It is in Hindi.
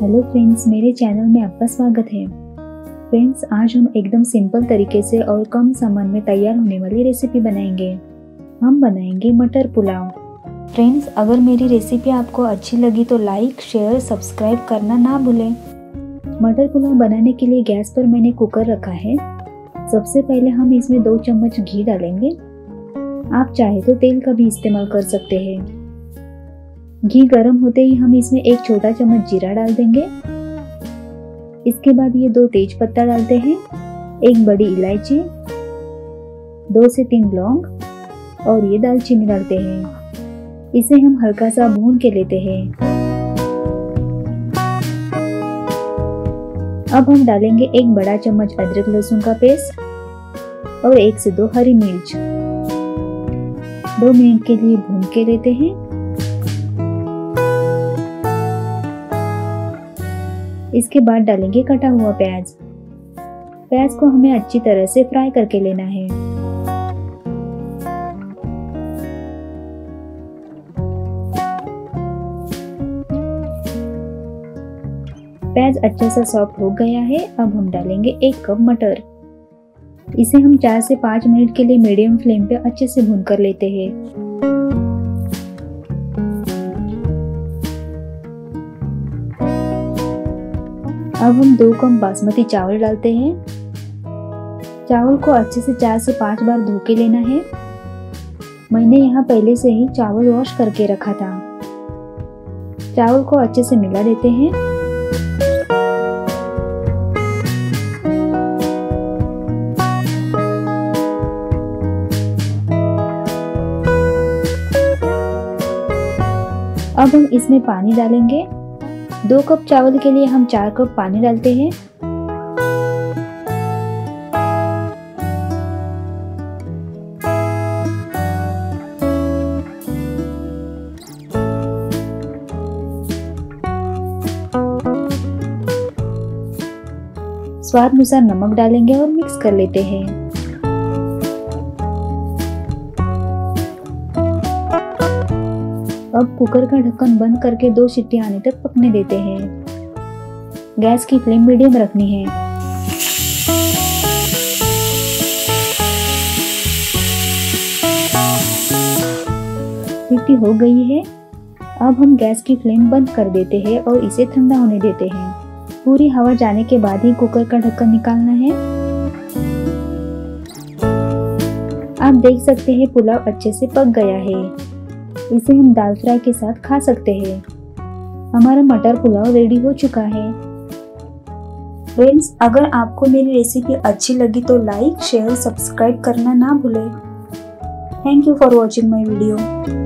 हेलो फ्रेंड्स मेरे चैनल में आपका स्वागत है फ्रेंड्स आज हम एकदम सिंपल तरीके से और कम सामान में तैयार होने वाली रेसिपी बनाएंगे हम बनाएंगे मटर पुलाव फ्रेंड्स अगर मेरी रेसिपी आपको अच्छी लगी तो लाइक शेयर सब्सक्राइब करना ना भूलें मटर पुलाव बनाने के लिए गैस पर मैंने कुकर रखा है सबसे पहले हम इसमें दो चम्मच घी डालेंगे आप चाहे तो तेल का भी इस्तेमाल कर सकते हैं घी गर्म होते ही हम इसमें एक छोटा चम्मच जीरा डाल देंगे इसके बाद ये दो तेज पत्ता डालते हैं एक बड़ी इलायची दो से तीन लौंग और ये दालचीनी डालते हैं इसे हम हल्का सा भून के लेते हैं अब हम डालेंगे एक बड़ा चम्मच अदरक लहसुन का पेस्ट और एक से दो हरी मिर्च दो मिनट के लिए भून के लेते हैं इसके बाद डालेंगे कटा हुआ प्याज प्याज को हमें अच्छी तरह से फ्राई करके लेना है प्याज अच्छा सा सॉफ्ट हो गया है अब हम डालेंगे एक कप मटर इसे हम चार से पाँच मिनट के लिए मीडियम फ्लेम पे अच्छे से भून कर लेते हैं अब हम दो कप बासमती चावल डालते हैं चावल को अच्छे से चार से पाँच बार धो के लेना है मैंने यहाँ पहले से ही चावल वॉश करके रखा था चावल को अच्छे से मिला देते हैं अब हम इसमें पानी डालेंगे दो कप चावल के लिए हम चार कप पानी डालते हैं स्वाद अनुसार नमक डालेंगे और मिक्स कर लेते हैं अब कुकर का ढक्कन बंद करके दो सीटी आने तक पकने देते हैं गैस की फ्लेम मीडियम रखनी है सीटी हो गई है अब हम गैस की फ्लेम बंद कर देते हैं और इसे ठंडा होने देते हैं पूरी हवा जाने के बाद ही कुकर का ढक्कन निकालना है आप देख सकते हैं पुलाव अच्छे से पक गया है इसे हम दाल फ्राई के साथ खा सकते हैं हमारा मटर पुलाव रेडी हो चुका है फ्रेंड्स अगर आपको मेरी रेसिपी अच्छी लगी तो लाइक शेयर सब्सक्राइब करना ना भूलें thank you for watching my video